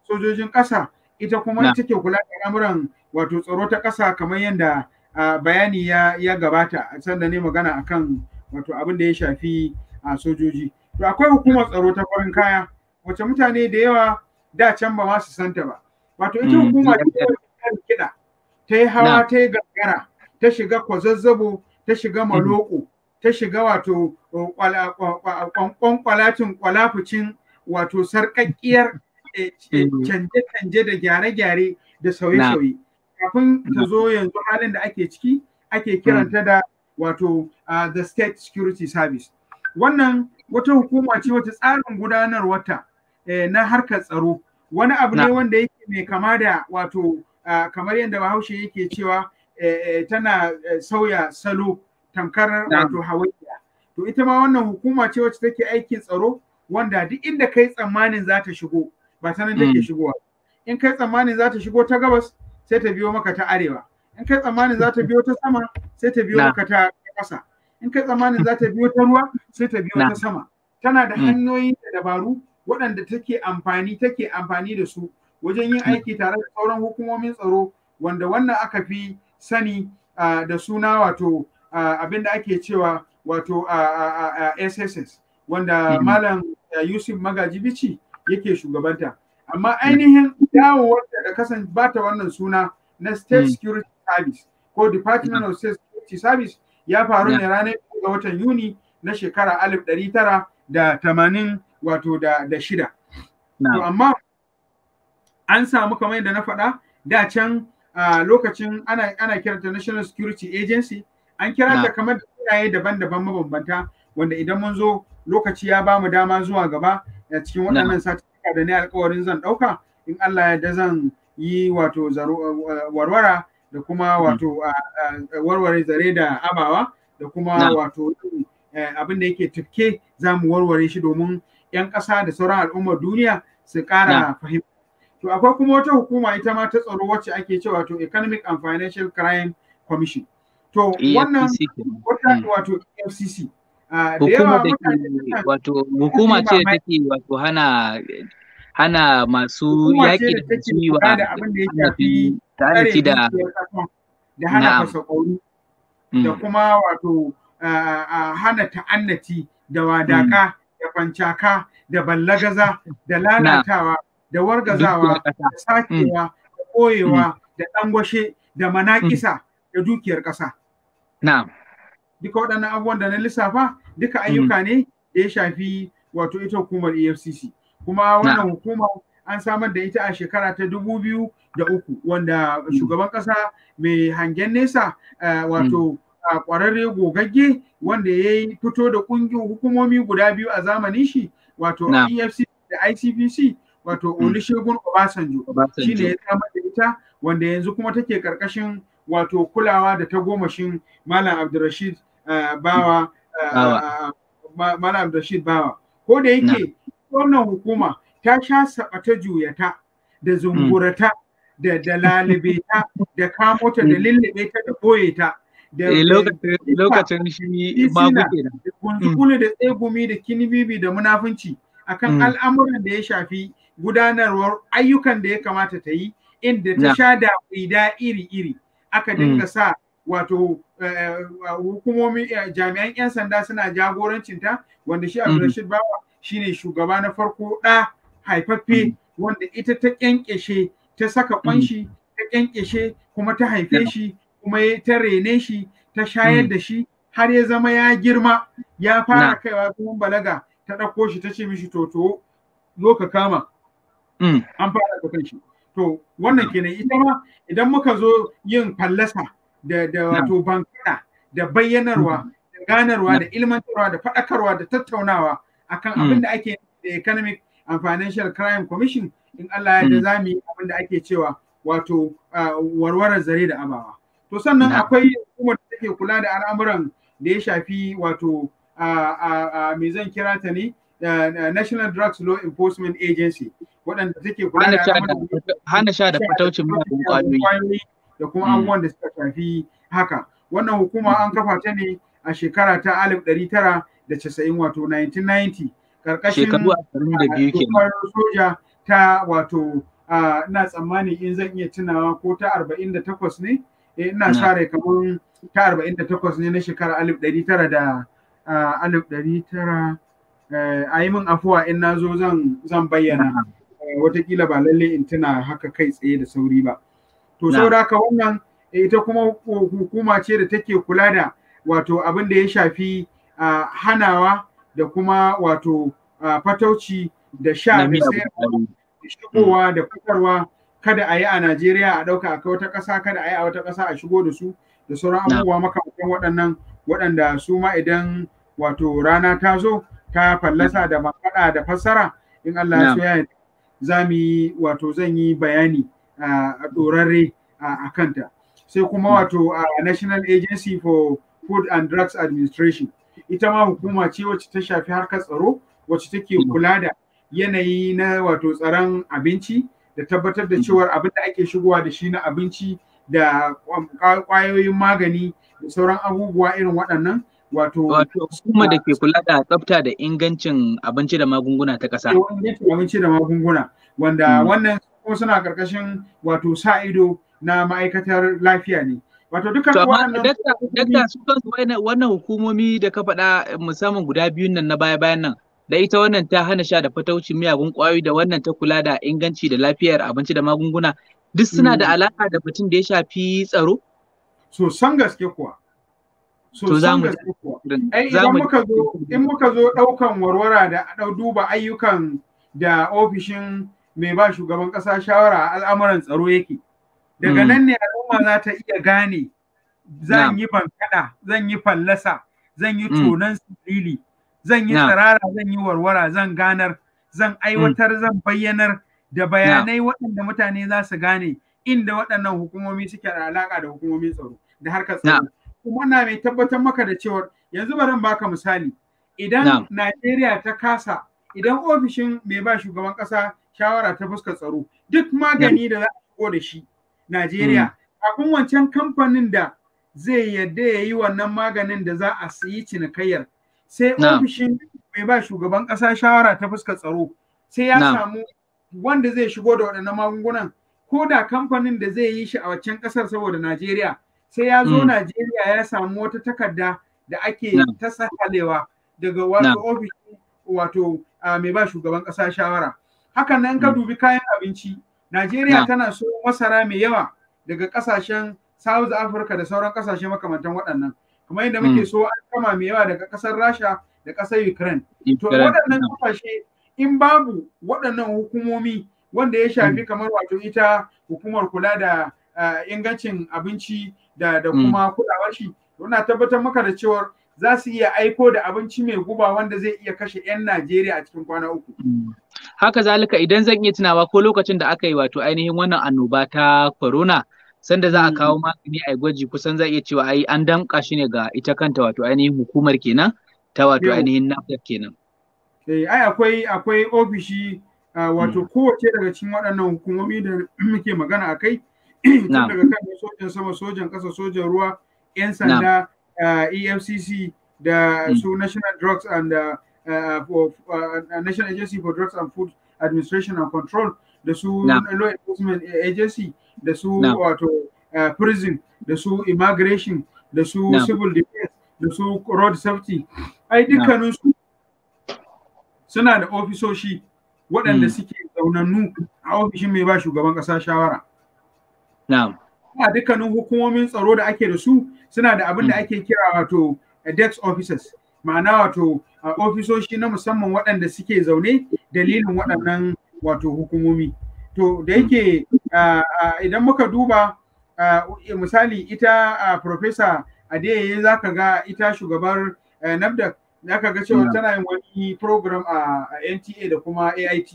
sojojin ƙasa, ita kuma take kula da al'amuran wato tsaro ta ƙasa kamar yadda bayani ya ya gabata sanda ne magana akan wato abin da ya shafi a sojoji to akwai hukumar tsaro ta farin kaya wacce mutane da yawa da can ba ma su santa ba wato ita mm, hukuma mm. ta kiɗa ta yi hawa ta yi gangara ta shiga kwazazzabo ta shiga mm. maloko ta shiga wato kwankwalacin kwalafucin wato sarƙaƙƙiyar e, e, canje-canje da gyare-gyare da sauye-sauye kafin ta zo yanzu halin da ake ciki ake kiranta hmm. da wato the state security service wannan wata hukuma ce wata tsarin gudanarwata eh, na harkar tsaro wani abu ne wanda yake mai kama da wato kamar yadda bahaushe yake cewa eh, eh, tana sauya salo tamkar wato hawaiya to ita ma wannan hukuma ce wacce take aikin tsaro wanda duk inda kai tsammanin za ta shigo ba ta take hmm. shigowa in kai tsammanin za ta shigo ta gabas sai ta biyo maka ta arewa in kai tsammanin za ta biyo ta sama sai ta biyo maka ta ƙasa in kai tsammanin za ta biyo ta ruwa sai ta biyo ta sama tana da mm. hanyoyi da dabaru waɗanda take amfani take amfani da su wajen yin mm. aiki tare da sauran hukumomin tsaro wanda wannan aka fi sani da suna wato abin da ake cewa wato SSS wanda mm. malam eh, Yusuf Magaji Bichi yake shugabanta amma ainihin dawowar da kasan ba ta wannan suna na state hmm. security service ko department of state security service ya faru ne ranar ga watan yuni na shekara alif ɗari tara da tamanin wato da shida to amma an samu kamar yadda na faɗa da can lokacin ana ana kiranta national security agency an kira ta kamar da sunaye daban-daban mabambanta wanda idan mun zo lokaci ya ba mu dama zuwa gaba cikin waɗannan sati da ni alƙawarin zan ɗauka in Allah ya da zan yi wato warwara da kuma hmm. wato warware zare da abawa da kuma wato eh, abin da yake tafke za mu warware shi domin 'yan ƙasa da sauran al'ummar duniya su ƙara fahimta. To akwai kuma wata hukuma ita ma ta tsaro wacce ake ce wato Economic and Financial Crime Commission. To e wannan wata hmm. wato e FCC Ah, hukuma da ke ce da take wato hana hana masu yaƙi da ciwa da da da mm. da kuma wato hana ta'annati da wadaka mm. da fancaka da ballagaza da lalatawa da wargazawa da sakewa mm. da koyewa da ɗangwashe da manaƙisa da dukiyar ƙasa. Na'am. duka waɗannan abubuwan da na lissafa duka mm. ayyuka ne da ya shafi wato ita hukumar efcc kuma wannan hukuma an samar da ita a shekara ta dubu biyu da uku wanda mm. shugaban ƙasa mai hangen nesa eh, wato mm. ƙwararre gogagge wanda ya yi fito da ƙungiyoyin hukumomi guda biyu a zamanin shi wato efcc da icpc wato olusegun obasanjo shi ne ya samar da ita wanda yanzu kuma take ƙarƙashin wato kulawa da tagomashin malam abdulrashid Eh, bawa eh, malam Rashid bawa ko da yake wannan hukuma ta sha sabata juyata da zungurata hmm. da dalalibe ta da kamo ta da hmm. lullube ta da boye da eh, lokacin shi babu hmm. da tsegumi da kinibibi da munafunci akan al'amuran da ya shafi gudanarwar ayyukan da ya kamata ta yi inda ta sha da iri iri aka dinga sa wato eh, eh, hukumomi eh, jami'an 'yan sanda suna jagorancinta wanda shi mm-hmm. Abdulrashid Bawa shine shugaba na farko ɗa haifaffe mm-hmm. wanda ita ta kyankyashe ta saka kwanshi mm-hmm. ta kyankyashe kuma ta haife shi kuma ta rene shi ta shayar da shi har ya zama ya girma ya fara kaiwa kuma balaga ta ɗauko shi ta ce mishi toto zo ka kama mm. an fara da shi to wannan kenan ita ma idan muka zo yin fallasa da da wato bankuna da bayyanarwa mm-hmm. da ganarwa da ilmantarwa da faɗakarwa da tattaunawa akan abin mm. da ake da economic and financial crime commission in Allah ya da mm. za mu yi abin da ake cewa wato warwarar zare da abawa to sannan akwai hukumar da take kula da al'amuran da ya shafi wato me zan kira ta ne National Drugs Law Enforcement Agency waɗanda take kula da hana sha da fataucin miyagun da kuma hmm. abubuwan da suka shafi haka wannan hukuma an kafa ta ne a shekara ta 1990 wato 1990 karkashin hukumar soja ta wato ina tsammani in zan iya tunawa ko ta 48 ne eh, ina hmm. sa rai kamar ta 48 ne na shekara tara da 1900 eh, a yi min afuwa in na zo zan bayyana hmm. eh, watakila ba lalle in tuna haka kai tsaye da sauri ba to saboda haka wannan eh, ita kuma hukuma ce da take kula da wato abin da ya shafi hanawa da kuma wato fatauci da sha da shigowa mm. da fitarwa kada a yi a Najeriya a ɗauka a wata ƙasa kada a yi a wata ƙasa a shigo da su da sauran abubuwa makamantan waɗannan waɗanda su ma idan wato rana ta zo ta fallasa da makaɗa da fassara in Allah ya so ya za mu yi wato zan yi bayani ɗorarre a kanta sai kuma hmm. wato national agency for food and drugs administration ita ma hukuma ce wacce ta shafi harkar tsaro wacce take hmm. kula da yanayi na wato tsaron abinci da tabbatar da hmm. cewar abin da ake shigowa da shi na abinci da kwayoyin magani da sauran abubuwa irin waɗannan wato hukuma da ke kula da tsafta da ingancin abinci da magunguna ta ƙasa. abinci da magunguna wanda wannan ko suna karkashin wato sa ido na ma'aikatar lafiya ne wato dukkan waɗannan dakta su kansu wannan hukumomi da ka faɗa eh, musamman guda biyun nan na baya bayan nan da ita wannan ta hana sha da fataucin miyagun ƙwayoyi da wannan ta kula da inganci da lafiyar abinci da magunguna duk suna da mm. alaka da batun da ya shafi tsaro so san gaske kuwa so san gaske kuwa idan muka zo in muka zo ɗaukan warwara da duba ayyukan da ofishin mai ba shugaban kasa shawara a al'amuran tsaro yake daga hmm. nan ne al'umma za ta iya gane zan yi bankada zan yi fallasa zan yi hmm. tonan sirili zan yi tsirara zan yi warwara zan ganar zan aiwatar hmm. zan bayyanar da bayanai waɗanda mutane za su gane inda waɗannan hukumomi suke da alaƙa da hukumomin tsaro da harkar tsaro kuma na mai tabbatar maka da cewar yanzu bari baka misali idan Najeriya ta kasa idan ofishin mai ba shugaban kasa. shawara ta fuskar tsaro duk magani da za a shigo da shi Najeriya hmm. kafin wancan kamfanin da zai yadda ya yi wannan maganin da za a siyi cinikayyar sai ofishin mai ba shugaban ƙasa shawara ta fuskar tsaro sai ya samu wanda zai shigo da waɗannan magungunan ko da kamfanin da zai yi shi a wancan ƙasar saboda Najeriya sai ya zo hmm. Najeriya ya samu wata takarda da ake ta sahalewa daga wani ofishin wato mai ba shugaban ƙasa shawara haka nan ka mm. dubi kayan abinci Najeriya tana so masara mai yawa daga kasashen South Africa da sauran kasashe makamantan waɗannan kamar yadda muke mm. so an kama mai yawa daga ƙasar Rasha da ƙasar Ukraine to waɗannan kasashe in babu waɗannan hukumomi wanda ya shafi mm. kamar wato ita hukumar kula da eh, ingancin abinci da kuma kudawar shi ina tabbatar maka da cewar za su iya aiko da abinci mai guba wanda zai iya kashe 'yan Najeriya a cikin kwana uku. Haka zalika idan zan iya tunawa ko lokacin da aka yi wato ainihin wannan annoba ta corona sanda za a mm. kawo magani a gwaji kusan za a iya cewa ai an danka shi ne ga ita kanta wato ainihin hukumar kenan ta wato ainihin NAFDAC kenan. Eh ai akwai akwai ofishi ah, wato mm. kowace daga cikin waɗannan hukumomi da muke magana a kai daga kan sojan sama sojan ƙasa sojan ruwa 'yan sanda Uh, EFCC da hmm. su National Drugs and uh, uh, for, National Agency for Drugs and Food Administration and Control da su Law Enforcement Agency da su wato prison da su immigration da su civil defense da su road safety ai dukkanin su suna da ofisoshi waɗanda hmm. suke zaunannu a ofishin mai ba shugaban ƙasa shawara. a dukkanin hukumomin tsaro da ake da su suna da abin da hmm. ake kira wato eh, dex officers ma'ana wato eh, ofisoshi na musamman waɗanda suke zaune dalilin waɗannan wato hukumomi to da hmm. yake eh, idan muka duba misali ita professor adeyeye za ka ga ita shugabar nafdak za ka ga cewa hmm. tana yin wani program a nta da kuma ait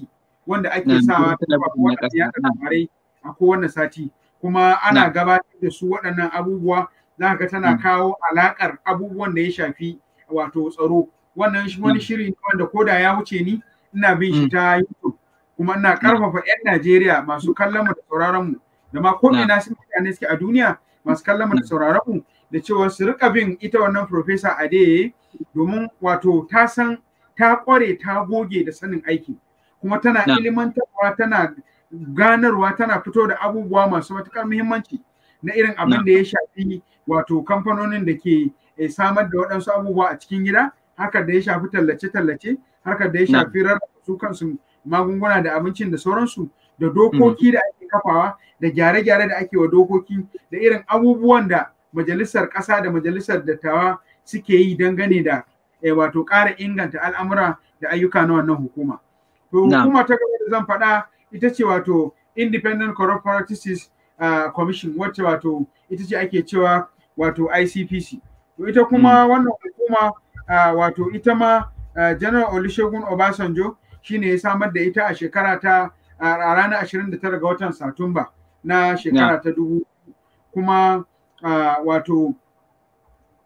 wanda ake sawa ta waɗanda ya labarai a kowane sati kuma ana gabatar da su waɗannan abubuwa za ka tana mm. kawo alaƙar abubuwan da ya shafi wato tsaro wannan wani mm. shiri ne wanda koda ya wuce ni ina bin shi mm. ta YouTube kuma ina karfafa 'yan Najeriya masu kallon mu da sauraron mu da ma ko ina sun mutane suke a duniya masu kallon mu da sauraron mu da cewa su rika bin ita wannan Professor Adeye domin wato ta san ta kware ta goge da sanin aiki kuma tana ilimantarwa tana ganarwa tana fito da abubuwa masu matuƙar muhimmanci na irin abin da ya shafi wato kamfanonin da ke eh, samar da waɗansu abubuwa a cikin gida harkar da ya shafi tallace-tallace harkar da ya shafi rarraba su kansu magunguna da abincin da sauransu da dokoki da ake kafawa da gyare-gyare da ake wa dokoki da irin abubuwan da majalisar ƙasa da majalisar dattawa suke yi dangane da eh, wato ƙara inganta al'amura da ayyuka na wannan hukuma. To hukuma ta gaba da zan faɗa ita ce wato Independent Corrupt Practices uh, Commission wacce wato ita ce ake cewa wato ICPC. To ita kuma mm. wannan hukuma uh, wato ita ma uh, General Olusegun Obasanjo shine ya samar da ita a shekara ta a ranar 29 ga watan Satumba na shekara ta dubu kuma uh, wato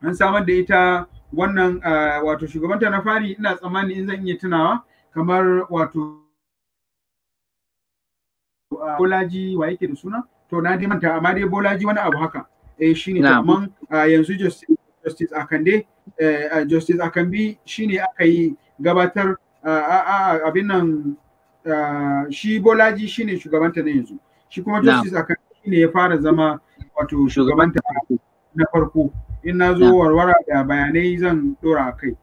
an samar da ita wannan uh, wato shugabanta na fari ina tsammani in zan iya tunawa kamar wato Bolaji wa yake da suna? To na dai manta amma dai Bolaji wani abu haka. Eh shine kaman yanzu Justice Akande Eh Justice Akambi shine aka yi gabatar abin nan shi Bolaji shine shugabanta na yanzu. Shi kuma Justice akande shine ya fara zama wato shugabanta na farko. In na zo warwara da bayanai zan dora kai.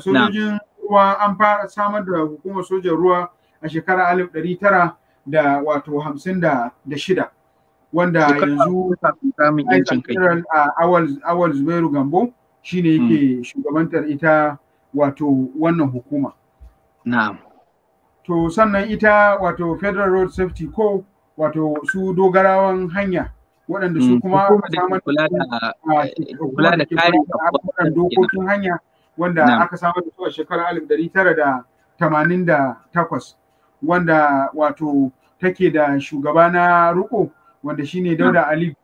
Sojojin ruwa an fara samar da hukumar sojan ruwa a shekarar alif ɗari tara da wato hamsin da shida wanda yanzu ah, awal zubairu gambo shine hmm. yake shugabantar ita wato wannan hukuma na'am to sannan ita wato federal road safety co wato su dogarawan hanya waɗanda su hmm, kuma samun da eh, dokokin hanya wanda aka samar da su a shekarar alif ɗari tara da tamanin da takwas wanda wato take da shugaba na ruko. wanda shine hmm. dauda ali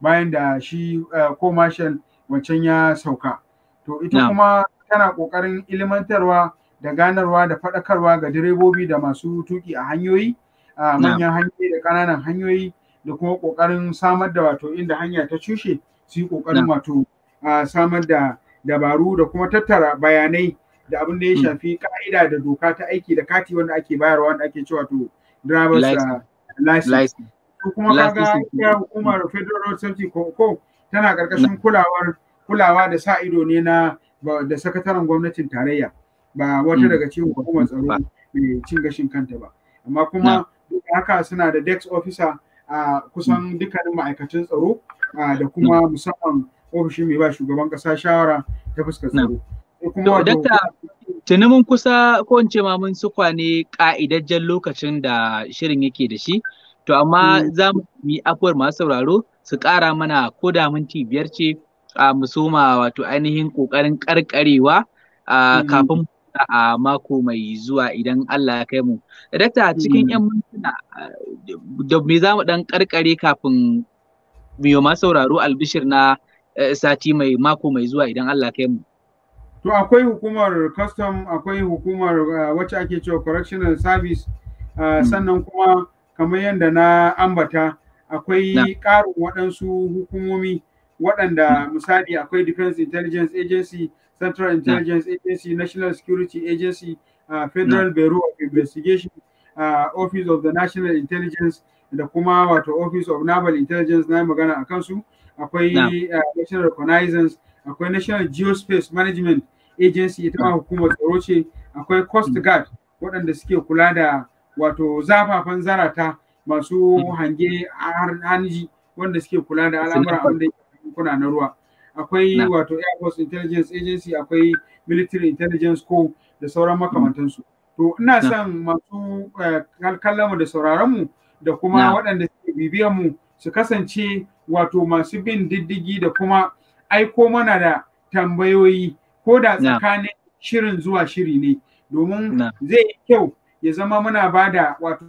bayan da shi ko eh, marshal wancan ya sauka to ita kuma tana kokarin ilimantarwa da ganarwa da fadakarwa ga direbobi da masu tuki a hanyoyi a manyan hanyoyi da ƙananan hanyoyi da kuma kokarin samar da wato inda hanya ta cushe su yi kokarin wato samar da dabaru da kuma tattara bayanai da abin da ya mm. shafi ka'ida da doka ta aiki da kati wanda ake bayarwa wanda ake cewa to drivers uh, license kuma kaga ya hukumar federal road safety ko tana karkashin kulawar kulawa da sa ido ne na da sakataren gwamnatin tarayya ba wata mm. daga cikin hukumar tsaro mai cin gashin kanta ba amma kuma haka suna da dex officer a kusan mm. dukkanin ma'aikatan tsaro da kuma musamman ofishin mai ba shugaban kasa shawara ta fuskar tsaro. To, dakta, tuni mun kusa ko in ce ma mun ne ka'idajjen lokacin da shirin yake da shi, to amma hmm. za mu yi afuwar masu sauraro su ƙara mana ko da minti biyar ce a musoma wato ainihin ƙoƙarin ƙarƙarewa hmm. kafin a mako mai zuwa idan Allah ya kai mu. Dakta cikin 'yan hmm. mintuna da me za mu ɗan ƙarƙare kafin biyo masu sauraro albishir na eh, sati mai mako mai zuwa idan Allah ya kai mu. To akwai hukumar custom akwai hukumar eh, wacce ake cewa correctional service uh, sannan kuma kamar yadda na ambata akwai ƙarin waɗansu hukumomi waɗanda hmm. misali akwai Defense Intelligence Agency, Central hmm. Intelligence Agency, National Security Agency, uh, Federal Bureau of Investigation, uh, Office of the National Intelligence da kuma wato Office of Naval Intelligence na magana a kansu, akwai National Reconnaissance akwai national geospace management agency ita ma hukumar tsaro ce akwai coast guard waɗanda suke kula da wato zafafan zarata masu hange hanji wanda suke kula da al'amuran abin da kuna na ruwa akwai wato air force intelligence agency akwai military intelligence ko da sauran makamantansu to ina son masu eh, kallama da sauraronmu da kuma waɗanda suke bibiyanmu su kasance wato masu bin diddigi da kuma aiko mana da tambayoyi ko da tsakanin shirin zuwa shiri ne domin zai yi kyau ya zama muna ba da wato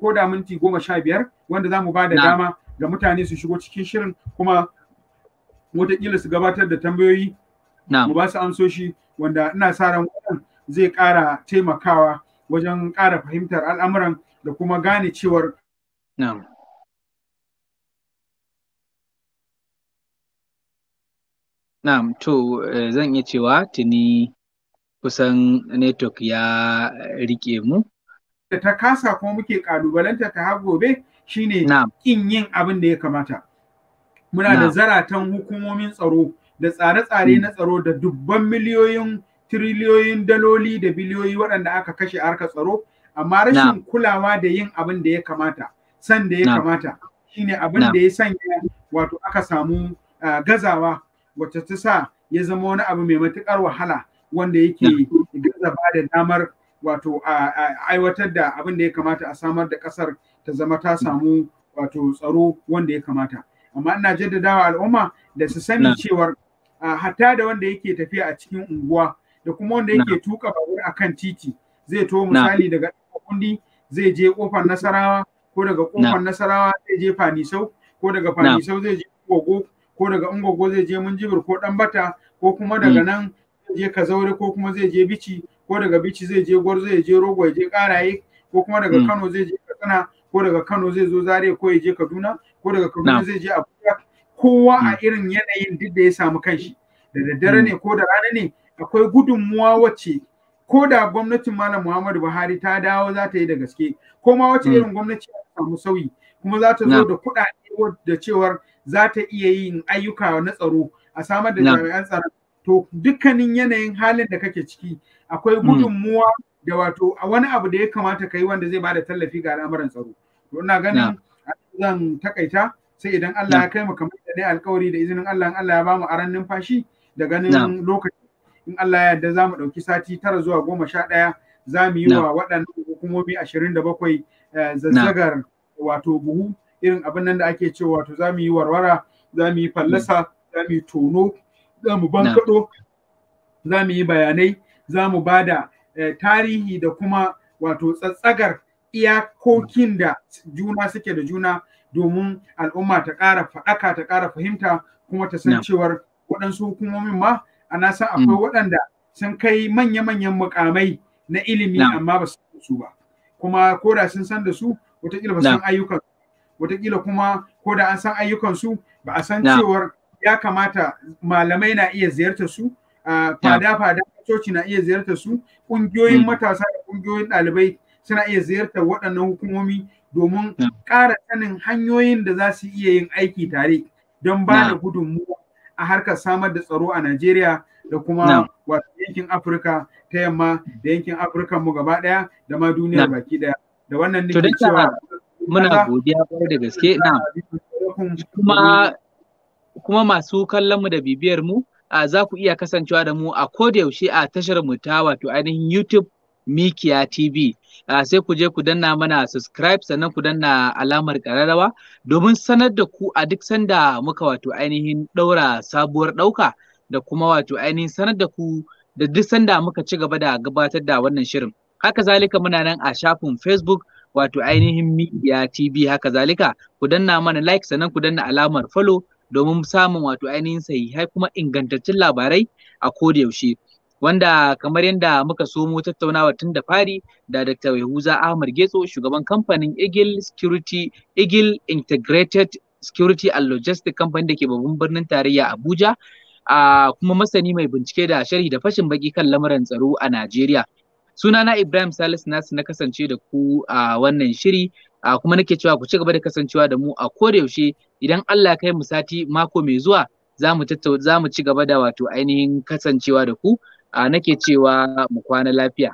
ko da minti goma sha biyar wanda za mu ba da dama ga mutane su shigo cikin shirin kuma watakila su gabatar da tambayoyi mu ba su amsoshi wanda ina sa ran wannan zai ƙara taimakawa wajen ƙara fahimtar al'amuran da kuma gane cewar Na'am, to eh, zan iya cewa tuni kusan network ya rike mu. Da ta kasa kuma muke kalubalanta ta har gobe shine kin yin abin da ya kamata. Muna da zaratan hukumomin tsaro da tsare-tsare mm. na tsaro da dubban miliyoyin tiriliyoyin daloli da biliyoyi waɗanda aka kashe harka tsaro, amma rashin kulawa da yin abin da ya kamata, san da ya kamata shine abin da ya sanya wato aka samu eh, gazawa wacce ta sa ya zama wani abu mai matukar wahala wanda yake gazaba da damar wato aiwatar da abin da ya kamata a samar da ƙasar ta zama ta samu wato tsaro wanda ya kamata amma ina jaddadawa al'umma da su sani cewar hatta da wanda yake tafiya a cikin unguwa da kuma wanda yake tuka babur a kan titi zai to misali daga kundi zai je kofar nasarawa ko daga kofar nasarawa zai je fanisau ko daga fanisau zai je gogo ko daga ungogo zai je munjibir ko dan bata ko kuma daga mm. nan je kazaure ko kuma zai je bici ko daga bici zai je gwar zai je rogo ya je karaye ko kuma daga mm. kano zai je katsina ko daga kano zai zo zare ko ya je kaduna ko daga kaduna zai je abuja kowa a mm. irin yanayin duk da ya samu kanshi da daddare ne ko da rana ne akwai gudunmuwa wacce ko da gwamnatin malam muhammadu buhari ta dawo za ta yi da gaske ko ma wacce irin gwamnati ta samu sauyi kuma za ta zo da kuɗaɗe da cewar za ta iya yin ayyuka na tsaro a samar da jami'an tsaro to dukkanin yanayin halin da kake ciki akwai hmm. gudunmuwa da wato a wani abu da ya kamata ka yi wanda zai bada tallafi ga al'amuran tsaro to ina ganin zan takaita sai idan Allah ya kai mu kamar da alkawari da izinin Allah in Allah ya bamu aran numfashi da ganin lokaci in Allah ya yarda zamu mu ɗauki sati tara zuwa goma sha ɗaya za mu yi wa waɗannan hukumomi ashirin da bakwai eh, zazzagar wato buhu irin abin nan da ake cewa wato za mu yi warwara za mu yi fallasa hmm. za mu yi tono za mu bankaɗo za mu yi bayanai za mu ba da eh, tarihi da kuma wato tsatsagar iyakokin da juna suke da juna domin al'umma ta ƙara faɗaka ta ƙara fahimta kuma ta san cewar waɗansu hukumomin ma a nasa akwai hmm. waɗanda sun kai manya-manyan mukamai na ilimi amma ba su ba kuma ko da sun san da su wataƙila ba san ayyukan wataƙila kuma ko da an san ayyukansu ba a san cewar ya kamata malamai na iya ziyartar su fada-fada coci na iya ziyartar su ƙungiyoyin mm. matasa da ƙungiyoyin ɗalibai suna iya ziyartar waɗannan hukumomi domin ƙara sanin hanyoyin da za su iya yin aiki tare don ba da gudunmuwa a harkar samar da tsaro a Najeriya da kuma wato yankin Afirka ta yamma da yankin Afirka mu gaba ɗaya da ma duniyar baki ɗaya da wannan nake cewa muna godiya kwarai da gaske na kuma kuma masu kallon mu da bibiyar mu a za ku iya kasancewa da mu a koda yaushe a tashar mu ta wato ainihin YouTube Mikiya TV a sai ku je ku danna mana subscribe sannan ku danna alamar kararrawa domin sanar da ku a duk sanda muka wato ainihin daura sabuwar ɗauka da kuma wato ainihin sanar da ku da duk sanda muka ci gaba da gabatar da wannan shirin haka zalika muna nan a shafin Facebook wato ainihin media tv haka zalika ku danna mana like sannan ku danna alamar follow domin samun wato ainihin sahihai kuma ingantaccen labarai a koda yaushe wanda kamar yadda muka somo tattaunawa tun da fari da Dr. Yahuza Ahmad Getso shugaban kamfanin Eagle Security Eagle Integrated Security and Logistic, Company da ke babban birnin tarayya Abuja a kuma masani mai bincike da sharhi da fashin baki kan lamuran tsaro a Najeriya. sunana Ibrahim Salisu nasu na kasance da ku a wannan shiri a kuma nake cewa ku ci gaba da kasancewa da mu a koda yaushe idan Allah kai mu sati mako mai zuwa za mu za mu ci gaba da wato ainihin kasancewa da ku a nake cewa mu kwana lafiya